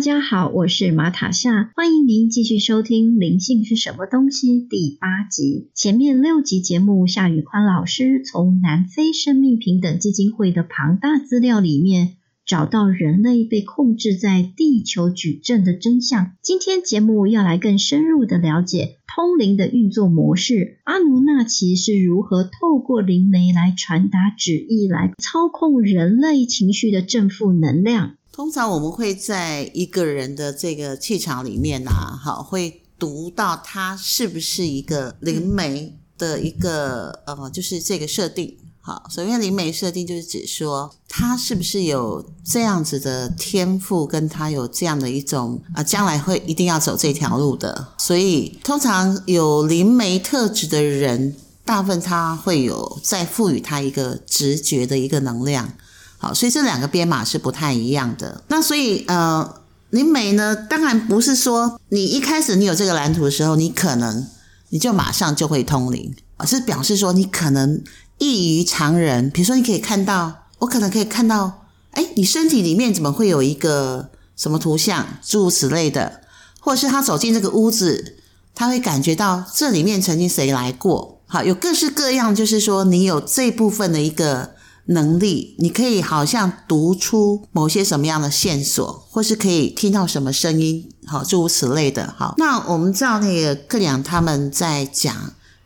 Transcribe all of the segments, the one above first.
大家好，我是馬塔夏，歡迎您繼續收聽《靈性是什麼東西》第八集。前面六集節目，夏語寬老師從南非生命平等基金會的龐大資料裡面，找到人類被控制在地球矩陣的真相。今天節目要來更深入的了解通靈的運作模式，阿努納奇是如何透過靈媒來傳達旨意，來操控人類情緒的正負能量。通常我們會在一個人的這個氣場裡面吶、啊，好，會讀到他是不是一個靈媒的一個呃，就是這個設定。好，首先靈媒設定就是指說他是不是有這樣子的天賦，跟他有這樣的一種啊、呃，將來會一定要走這條路的。所以通常有靈媒特質的人，大部分他會有在賦予他一個直覺的一個能量。好，所以這兩個編碼是不太一樣的。那所以，呃，靈媒呢，當然不是說你一開始你有這個藍圖的時候，你可能你就馬上就會通靈，而是表示說你可能異於常人。比如說，你可以看到，我可能可以看到，哎，你身體裡面怎麼會有一個什麼圖像，諸如此類的，或者是他走進這個屋子，他會感覺到這裡面曾經誰來過。好，有各式各樣，就是說你有這部分的一個。能力，你可以好像讀出某些什麼樣的線索，或是可以聽到什麼聲音，好，諸如此類的。好，那我們知道那個克里昂他們在講，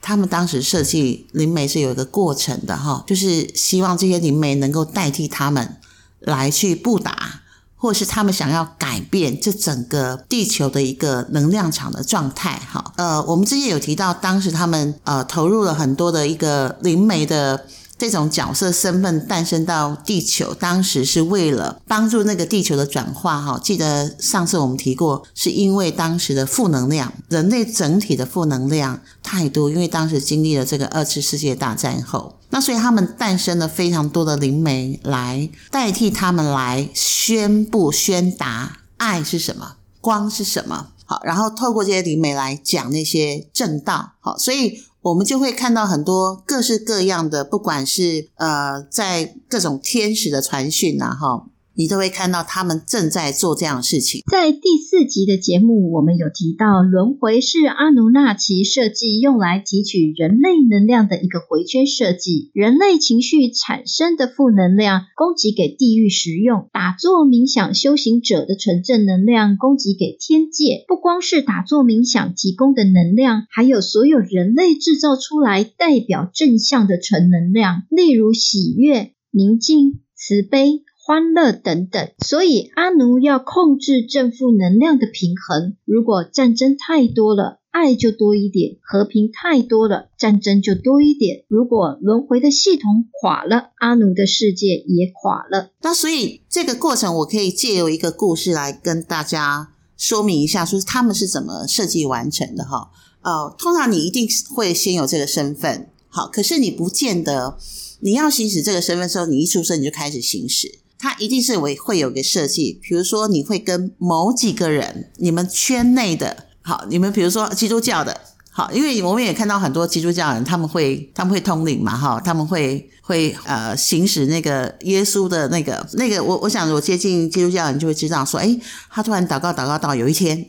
他們當時設計靈媒是有一個過程的，哈，就是希望這些靈媒能夠代替他們來去布達，或是他們想要改變這整個地球的一個能量場的狀態，哈。呃，我們之前有提到，當時他們呃投入了很多的一個靈媒的。這種角色身份誕生到地球，當時是為了幫助那個地球的轉化。哈，記得上次我們提過，是因為當時的負能量，人類整體的負能量太多，因為當時經歷了這個二次世界大戰後，那所以他們誕生了非常多的靈媒來代替他們來宣布宣達愛是什麼，光是什麼。好，然後透過這些靈媒來講那些正道。好，所以，我們就會看到很多各式各樣的，不管是呃，在各種天使的傳訊吶，哈。你都會看到他們正在做這樣的事情。在第四集的節目，我們有提到輪迴是阿努納奇設計用來提取人類能量的一個迴圈設計。人類情緒產生的負能量供給給地獄食用，打坐冥想修行者的純正能量供給給天界。不光是打坐冥想提供的能量，還有所有人類製造出來代表正向的純能量，例如喜悅、寧靜、慈悲。歡樂等等，所以阿努要控制正負能量的平衡。如果戰爭太多了，愛就多一點；和平太多了，戰爭就多一點。如果輪迴的系統垮了，阿努的世界也垮了。那所以這個過程，我可以借由一個故事來跟大家說明一下，說他們是怎麼設計完成的哈。哦、呃，通常你一定會先有這個身份，好，可是你不見得你要行使這個身份的時候，你一出生你就開始行使。他一定是會會有一個設計，比如說你會跟某幾個人，你們圈內的，好，你們比如說基督教的，好，因為我們也看到很多基督教人，他們會他們會通靈嘛，哈，他們會會呃行使那個耶穌的那個那個，我我想我接近基督教人就會知道說，哎、欸，他突然禱告禱告到有一天。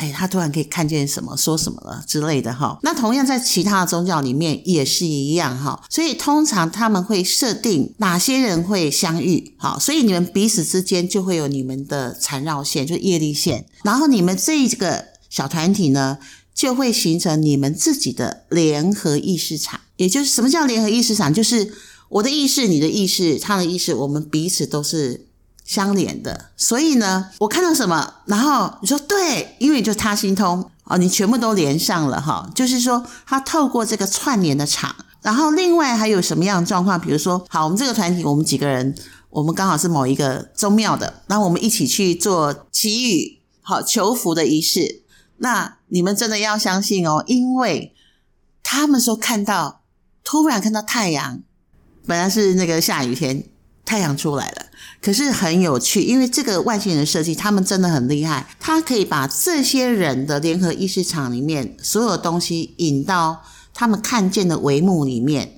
哎，他突然可以看見什麼、說什麼了之類的哈。那同樣在其他的宗教裡面也是一樣哈。所以通常他們會設定哪些人會相遇，哈，所以你們彼此之間就會有你們的纏繞線，就業力線。然後你們這個小團體呢，就會形成你們自己的聯合意識場。也就是什麼叫聯合意識場？就是我的意識、你的意識、他的意識，我們彼此都是。相連的，所以呢，我看到什麼，然後你說對，因為就他心通哦，你全部都連上了哈、哦，就是說他透過這個串聯的場，然後另外還有什麼樣的狀況？比如說，好，我們這個團體，我們幾個人，我們剛好是某一個宗廟的，然後我們一起去做祈雨、好、哦、求福的儀式，那你們真的要相信哦，因為他們說看到突然看到太陽，本來是那個下雨天，太陽出來了。可是很有趣，因為這個外星人的設計，他們真的很厲害。他可以把這些人的聯合意識場裡面所有東西引到他們看見的帷幕裡面，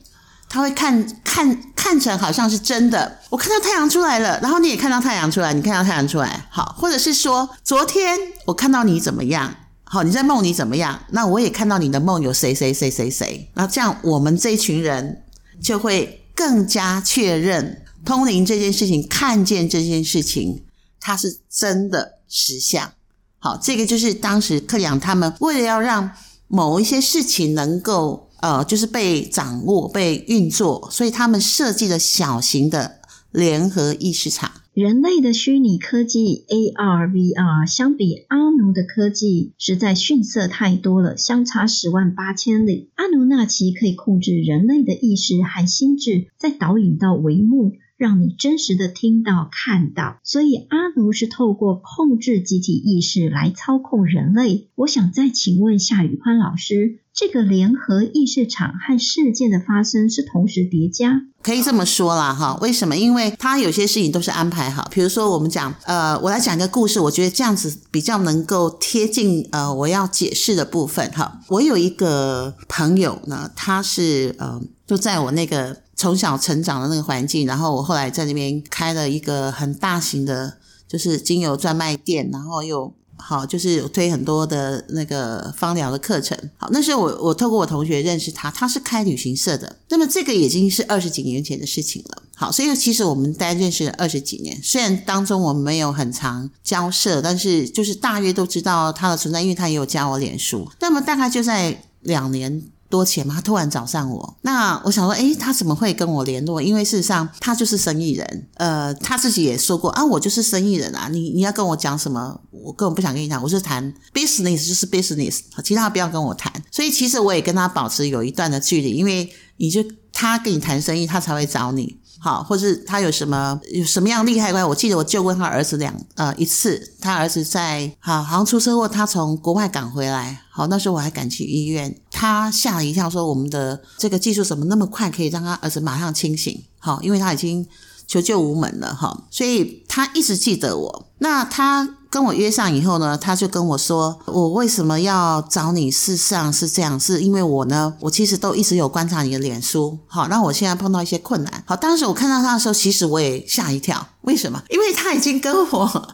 他會看看看成好像是真的。我看到太陽出來了，然後你也看到太陽出來，你看到太陽出來，好，或者是說，昨天我看到你怎麼樣，好，你在夢裡怎麼樣，那我也看到你的夢有誰誰誰誰誰誰，那這樣我們這一群人就會更加確認。通靈這件事情，看見這件事情，它是真的實相。好，這個就是當時克揚他們為了要讓某一些事情能夠呃，就是被掌握、被運作，所以他們設計了小型的聯合意識場。人類的虛擬科技 ARVR 相比阿努的科技，實在遜色太多了，相差十萬八千里。阿努納奇可以控制人類的意識和心智，在導引到帷幕。讓你真實的聽到、看到，所以阿努是透過控制集體意識來操控人類。我想再請問夏語寬老師，這個聯合意識場和事件的發生是同時疊加？可以這麼說啦，哈，為什麼？因為他有些事情都是安排好，比如說我們講，呃，我來講一個故事，我覺得這樣子比較能夠貼近呃我要解釋的部分，哈。我有一個朋友呢，他是呃，就在我那個。從小成長的那個環境，然後我後來在那邊開了一個很大型的，就是精油專賣店，然後又好就是推很多的那個芳療的課程。好，那時候我我透過我同學認識他，他是開旅行社的。那麼這個已經是二十幾年前的事情了。好，所以其實我們大家認識了二十幾年，雖然當中我們沒有很常交涉，但是就是大約都知道他的存在，因為他也有加我臉書。那麼大概就在兩年。多錢嘛，他突然找上我，那我想說，誒、欸，他怎麼會跟我聯絡？因為事實上，他就是生意人。呃，他自己也說過啊，我就是生意人啊。你你要跟我講什麼，我根本不想跟你講。我是談 business，就是 business，其他不要跟我談。所以其實我也跟他保持有一段的距離，因為你就，他跟你談生意，他才會找你。好，或是他有什麼有什麼樣厲害的話？我記得我救過他兒子兩呃一次，他兒子在好好像出車禍，他從國外趕回來。好，那時候我還趕去醫院，他嚇了一跳，說我們的這個技術怎麼那麼快，可以讓他兒子馬上清醒？好，因為他已經求救無門了。好，所以他一直記得我。那他。跟我約上以後呢，他就跟我說：“我為什麼要找你？事實上是這樣，是因為我呢，我其實都一直有觀察你的臉書。好，那我現在碰到一些困難。好，當時我看到他的時候，其實我也嚇一跳。為什麼？因為他已經跟我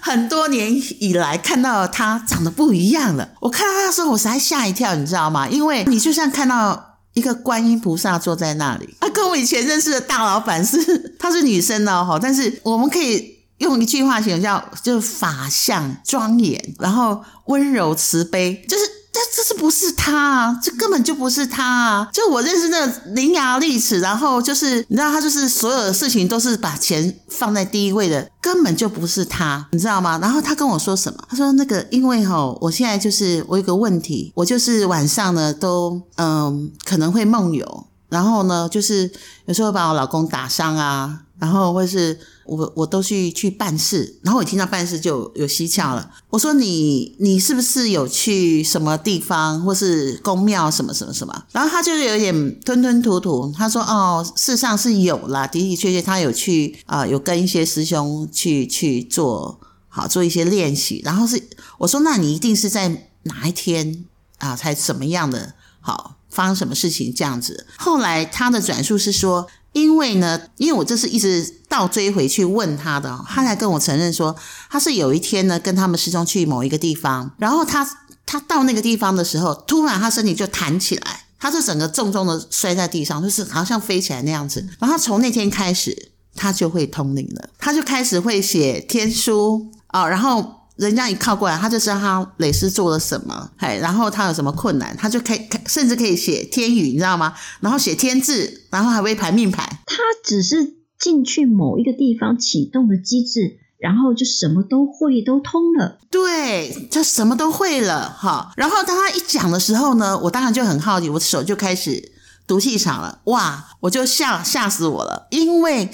很多年以來看到他長得不一樣了。我看到他的時候，我實在嚇一跳，你知道嗎？因為你就像看到一個觀音菩薩坐在那裡。他跟我以前認識的大老闆是，她是女生哦。好，但是我們可以。用一句話形容叫就是法相莊嚴，然後溫柔慈悲。就是，這這是不是他啊？這根本就不是他啊！就我認識的伶牙俐齒，然後就是，你知道，他就是所有的事情都是把錢放在第一位的，根本就不是他，你知道嗎？然後他跟我說什麼？他說那個，因為吼，我現在就是我有個問題，我就是晚上呢都嗯、呃、可能會夢遊，然後呢就是有時候把我老公打傷啊。然後或是我我都去去辦事，然後我聽到辦事就有，有蹊蹺了。我說，你你是不是有去什麼地方，或是宮廟什麼什麼什麼？然後他就有點吞吞吐吐，他說，哦，事實上是有啦，的的確確他有去啊，呃，有跟一些師兄去去做好做一些練習。然後是我說，那你一定是在哪一天啊，才怎麼樣的好發生什麼事情這樣子？後來他的轉述是說。因為呢，因為我這是一直到追回去問他的，他才跟我承認說，他是有一天呢跟他們師兄去某一個地方，然後他他到那個地方的時候，突然他身體就彈起來，他就整個重重的摔在地上，就是好像飛起來那樣子，然後他從那天開始他就會通靈了，他就開始會寫天書、哦、然後。人家一靠過來，他就知道他累世做了什麼，嘿，然後他有什麼困難，他就可以甚至可以寫天語，你知道嗎？然後寫天字，然後還會排命盤。他只是進去某一個地方啟動的機制，然後就什麼都會都通了。對，他什麼都會了，哈、哦。然後當他一講的時候呢，我當然就很好奇，我的手就開始讀氣場了。哇，我就嚇嚇死我了，因為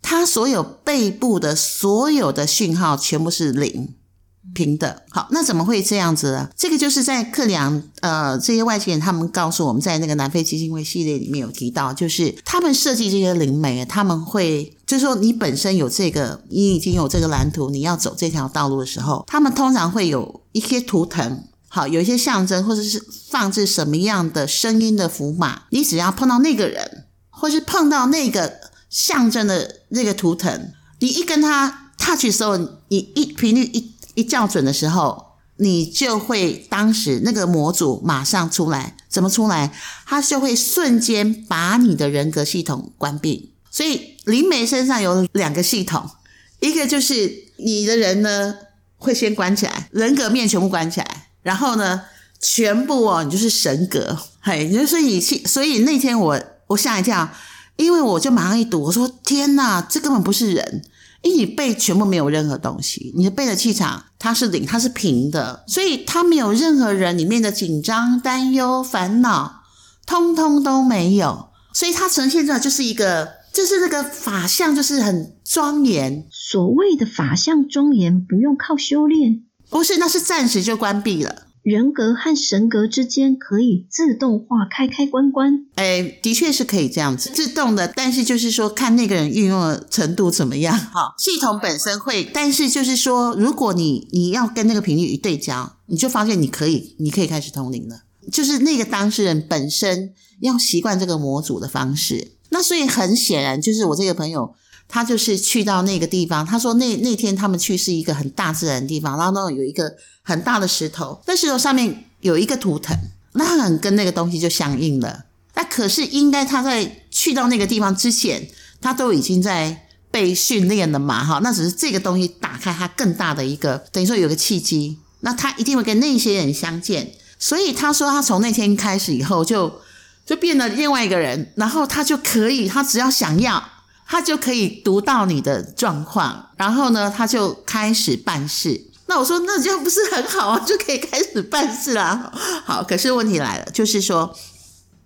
他所有背部的所有的訊號全部是零。平等好，那怎麼會這樣子呢、啊？這個就是在克里昂呃這些外星人他們告訴我們，在那個南非基金會系列裡面有提到，就是他們設計這些靈媒，他們會就是說，你本身有這個，你已經有這個藍圖，你要走這條道路的時候，他們通常會有一些圖騰，好，有一些象徵，或者是，是放置什麼樣的聲音的符碼，你只要碰到那個人，或是碰到那個象徵的那個圖騰，你一跟他 touch 的時候，你一頻率一。一校準的時候，你就會當時那個模組馬上出來，怎麼出來？它就會瞬間把你的人格系統關閉。所以靈媒身上有兩個系統，一個就是你的人呢會先關起來，人格面全部關起來，然後呢全部哦、喔，你就是神格，嘿，就是你，所以那天我我嚇一跳，因為我就馬上一堵，我說天吶，這根本不是人。因為你背全部沒有任何東西，你的背的氣場它是零，它是平的，所以它沒有任何人裡面的緊張、擔憂、煩惱，通通都沒有，所以它呈現出來就是一個，就是那個法相，就是很莊嚴。所謂的法相莊嚴，不用靠修煉，不是，那是暫時就關閉了。人格和神格之間可以自動化開開關關，哎，的確是可以這樣子自動的，但是就是說看那個人運用的程度怎麼樣。哈、哦，系統本身會，但是就是說，如果你你要跟那個頻率一對焦，你就發現你可以，你可以開始通靈了。就是那個當事人本身要習慣這個模組的方式，那所以很顯然就是我這個朋友。他就是去到那個地方，他說那那天他們去是一個很大自然的地方，然後那有一個很大的石頭，那石頭上面有一個圖騰，那他很跟那個東西就相應了。那可是應該他在去到那個地方之前，他都已經在被訓練了嘛？哈，那只是這個東西打開他更大的一個，等於說有個契機，那他一定會跟那些人相見。所以他說他從那天開始以後就就變了另外一個人，然後他就可以，他只要想要。他就可以讀到你的狀況，然後呢，他就開始辦事。那我說，那這樣不是很好啊？就可以開始辦事了啊。好，可是問題來了，就是說，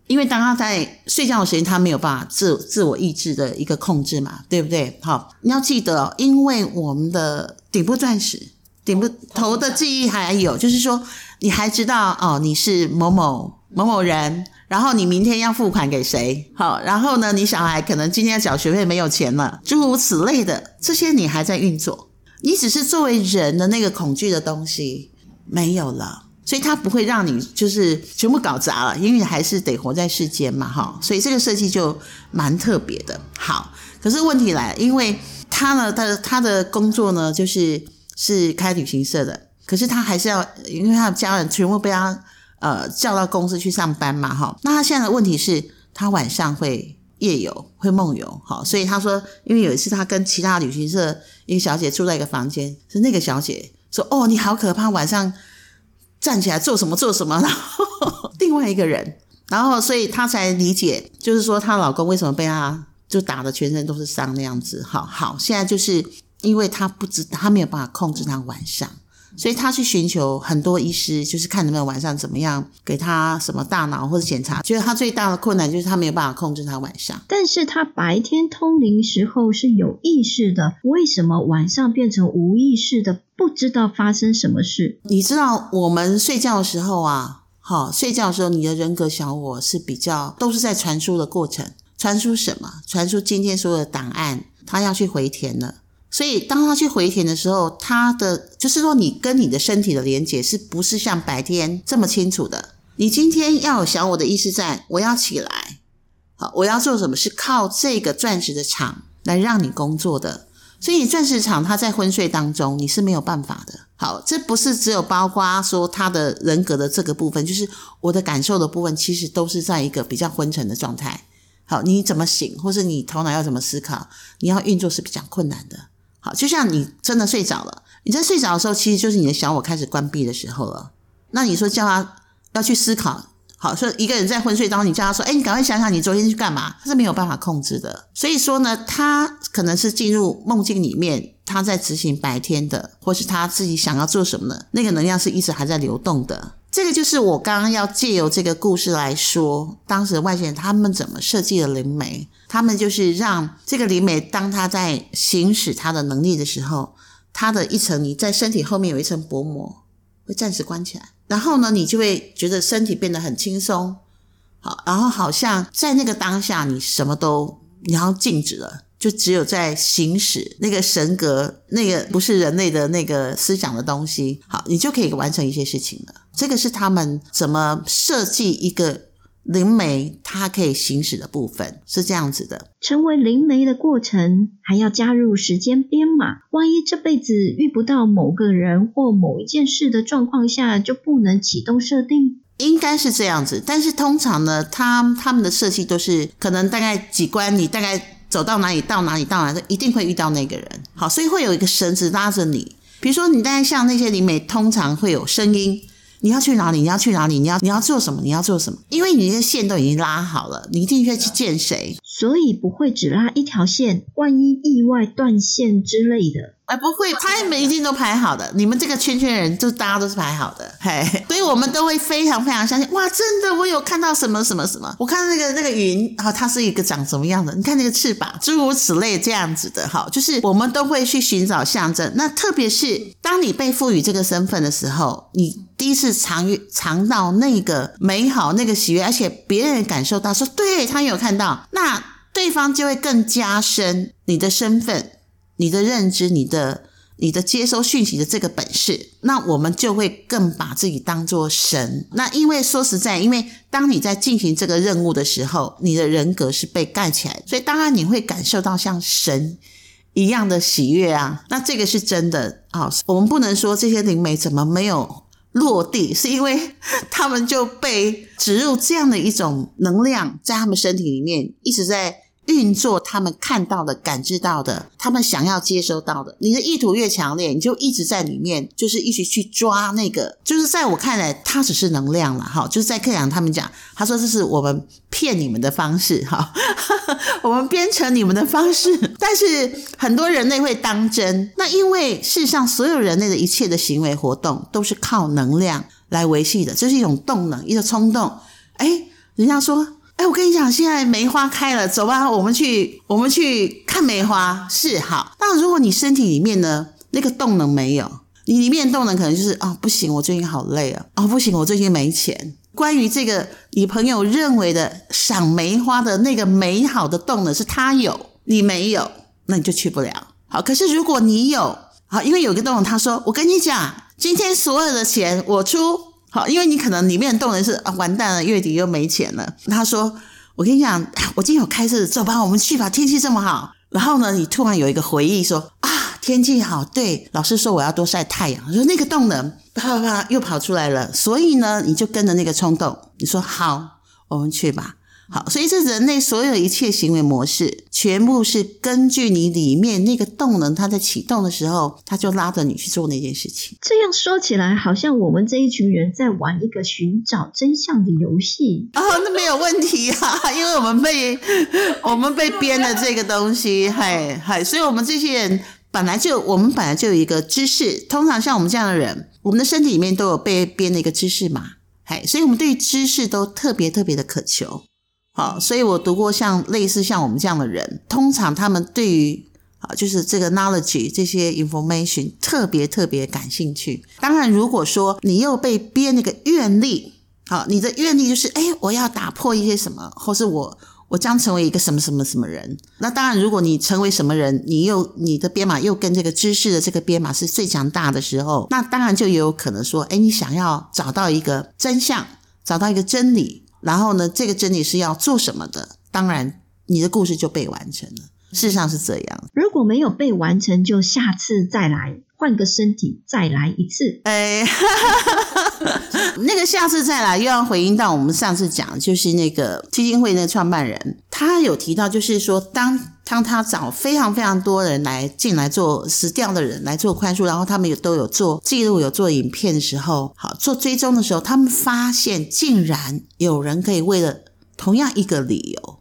因為當他在睡覺的時間，他沒有辦法自自我意志的一個控制嘛，對不對？好，你要記得哦，因為我們的頂部鑽石，頂部，頭的記憶還有，就是說，你還知道哦，你是某某某某人。然後你明天要付款給誰？好，然後呢，你小孩可能今天要繳學費沒有錢了，諸如此類的，這些你還在運作，你只是作為人的那個恐懼的東西沒有了，所以他不會讓你就是全部搞砸了，因為你還是得活在世間嘛，哈、哦。所以這個設計就蠻特別的。好，可是問題來，因為他呢的他，他的工作呢就是是開旅行社的，可是他還是要因為他的家人全部被他。呃，叫到公司去上班嘛，哈、哦。那他現在的問題是他晚上會夜遊，會夢遊，好、哦，所以他說，因為有一次他跟其他旅行社一個小姐住在一個房間，是那個小姐說，哦，你好可怕，晚上站起來做什麼做什麼，然後另 外一個人，然後所以他才理解，就是說她老公為什麼被他就打得全身都是傷那樣子，好好，現在就是因為他不知道，他沒有辦法控制他晚上。所以他去尋求很多醫師，就是看能不能晚上怎麼樣給他什麼大腦或者檢查。覺得他最大的困難就是他沒有辦法控制他晚上，但是他白天通靈時候是有意識的，為什麼晚上變成無意識的，不知道發生什麼事？你知道我們睡覺的時候啊，好、哦、睡覺的時候，你的人格小我是比較都是在傳輸的過程，傳輸什麼？傳輸今天所有的檔案，他要去回填了。所以，當他去回填的時候，他的就是說，你跟你的身體的連接是不是像白天這麼清楚的？你今天要想我的意識在，我要起來，好，我要做什麼？是靠這個鑽石的場來讓你工作的。所以，鑽石場它在昏睡當中，你是沒有辦法的。好，這不是只有包括說他的人格的這個部分，就是我的感受的部分，其實都是在一個比較昏沉的狀態。好，你怎麼醒，或者你頭腦要怎麼思考，你要運作是比較困難的。好，就像你真的睡着了，你在睡着的時候，其實就是你的小我開始關閉的時候了。那你說叫他要去思考，好，說一個人在昏睡當中，你叫他說，哎，你趕快想想你昨天去幹嘛？他是沒有辦法控制的。所以說呢，他可能是進入夢境裡面，他在執行白天的，或是他自己想要做什麼呢？那個能量是一直還在流動的。這個就是我剛剛要借由這個故事來說，當時外星人他們怎麼設計了靈媒？他們就是讓這個靈媒，當他在行使他的能力的時候，他的一層你在身體後面有一層薄膜會暫時關起來，然後呢，你就會覺得身體變得很輕鬆，好，然後好像在那個當下，你什麼都你要靜止了。就只有在行使那個神格，那個不是人類的那個思想的東西，好，你就可以完成一些事情了。這個是他們怎麼設計一個靈媒，它可以行使的部分是這樣子的。成為靈媒的過程還要加入時間編碼，萬一這輩子遇不到某個人或某一件事的狀況下，就不能啟動設定，應該是這樣子。但是通常呢，他他們的設計都是可能大概幾關，你大概。走到哪裡到哪裡到哪裡，都一定會遇到那個人。好，所以會有一個繩子拉着你。比如說，你大概像那些靈媒，通常會有聲音。你要去哪裡？你要去哪裡？你要你要做什麼？你要做什麼？因為你的線都已經拉好了，你一定會去見誰。所以不會只拉一條線，萬一意外斷線之類的，哎，不會，他們一定都排好的。你們這個圈圈人就，就大家都是排好的，嘿。所以我們都會非常非常相信。哇，真的，我有看到什麼什麼什麼，我看那個那個雲啊、哦，它是一個長什麼樣的。你看那個翅膀，諸如此類這樣子的，哈，就是我們都會去尋找象徵。那特別是當你被賦予這個身份的時候，你。第一次嚐嚐到那個美好，那個喜悅，而且別人感受到說，對，他有看到，那對方就會更加深你的身份、你的認知、你的你的接收訊息的這個本事，那我們就會更把自己當做神。那因為說實在，因為當你在進行這個任務的時候，你的人格是被蓋起來，所以當然你會感受到像神一樣的喜悅啊。那這個是真的啊，哦，我們不能說這些靈媒怎麼沒有。落地是因為他們就被植入這樣的一種能量，在他們身體裡面一直在，運作他們看到的、感知到的、他們想要接收到的。你的意圖越強烈，你就一直在裡面，就是一直去抓那個。就是在我看來，它只是能量了，哈。就是在克陽他們講，他說這是我們騙你們的方式，哈， 我們編程你們的方式。但是很多人類會當真，那因為世上所有人類的一切的行為活動都是靠能量來維繫的，這是一種動能，一個衝動。哎，人家說。哎，我跟你講，現在梅花開了，走吧，我們去，我們去看梅花，是好。那如果你身體裡面呢，那個動能沒有，你裡面動能可能就是啊、哦，不行，我最近好累啊，啊、哦，不行，我最近沒錢。關於這個，你朋友認為的賞梅花的那個美好的動能是他有，你沒有，那你就去不了。好，可是如果你有，好，因為有一個動能，他說，我跟你講，今天所有的錢我出。好，因為你可能裡面的動能是啊，完蛋了，月底又沒錢了。他說：“我跟你講，我今天有開始走吧，我們去吧，天氣這麼好。”然後呢，你突然有一個回憶說，說啊，天氣好，對，老師說我要多曬太陽，說那個動能啪啪啪又跑出來了。所以呢，你就跟着那個衝動，你說好，我們去吧。好，所以這人類所有一切行為模式，全部是根據你裡面那個動能，它在啟動的時候，它就拉着你去做那件事情。這樣說起來，好像我們這一群人在玩一個尋找真相的遊戲啊、哦，那沒有問題啊，因為我們被 我們被編了這個東西， 嘿，嘿，所以我們這些人本來就我們本來就有一個知識，通常像我們這樣的人，我們的身體裡面都有被編了一個知識嘛，嘿，所以我們對於知識都特別特別的渴求。好，所以我讀過像類似像我們這樣的人，通常他們對於啊，就是這個 knowledge 這些 information 特別特別感興趣。當然，如果說你又被編那個願力，好，你的願力就是哎，我要打破一些什麼，或是我我將成為一個什麼什麼什麼人。那當然，如果你成為什麼人，你又你的編碼又跟這個知識的這個編碼是最強大的時候，那當然就有可能說，哎，你想要找到一個真相，找到一個真理。然後呢，這個真理是要做什麼的。當然，你的故事就被完成了。事實上是這樣。如果沒有被完成，就下次再來。換個身體再來一次。哎、欸， 那個下次再來又要回應到我們上次講，就是那個基金會的創辦人，他有提到，就是說當當他找非常非常多人來進來做死掉的人來做寬恕，然後他們也都有做記錄，有做影片的時候，好，做追蹤的時候，他們發現竟然有人可以為了同樣一個理由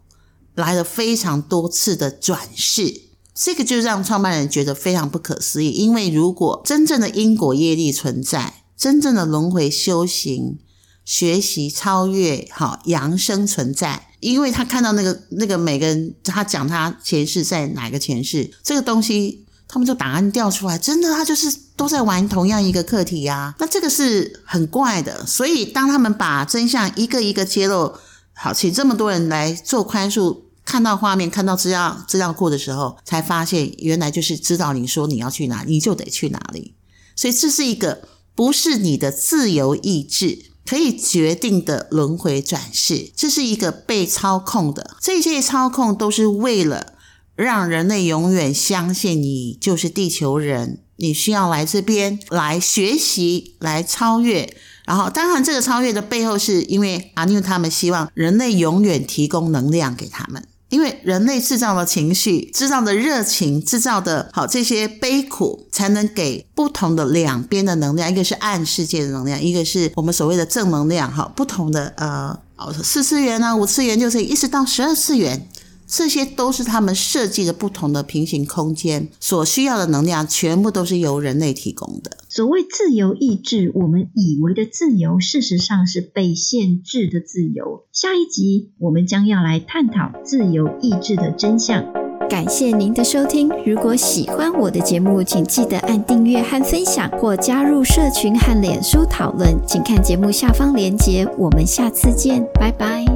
來了非常多次的轉世。這個就讓創辦人覺得非常不可思議，因為如果真正的因果業力存在，真正的輪迴修行、學習超越、好，揚升存在，因為他看到那個那個每個人，他講他前世在哪個前世，這個東西他們就檔案調出來，真的他就是都在玩同樣一個課題呀、啊，那這個是很怪的。所以當他們把真相一個一個揭露，好，請這麼多人來做寬恕。看到畫面，看到資料資料庫的時候，才發現原來就是知道你說你要去哪，你就得去哪裡。所以這是一個不是你的自由意志可以決定的輪迴轉世，這是一個被操控的。這些操控都是為了讓人類永遠相信你就是地球人，你需要來這邊來學習，來超越。然後當然，這個超越的背後是因為阿努他們希望人類永遠提供能量給他們。因為人類制造的情緒、制造的熱情、制造的好這些悲苦，才能給不同的兩邊的能量，一個是暗世界的能量，一個是我們所謂的正能量。哈，不同的呃，四次元呢、啊，五次元就是一直到十二次元，這些都是他們設計的不同的平行空間所需要的能量，全部都是由人類提供的。所謂自由意志，我們以為的自由，事實上是被限制的自由。下一集我們將要來探討自由意志的真相。感謝您的收聽，如果喜歡我的節目，請記得按訂閱和分享，或加入社群和臉書討論。請看節目下方連結。我們下次見，拜拜。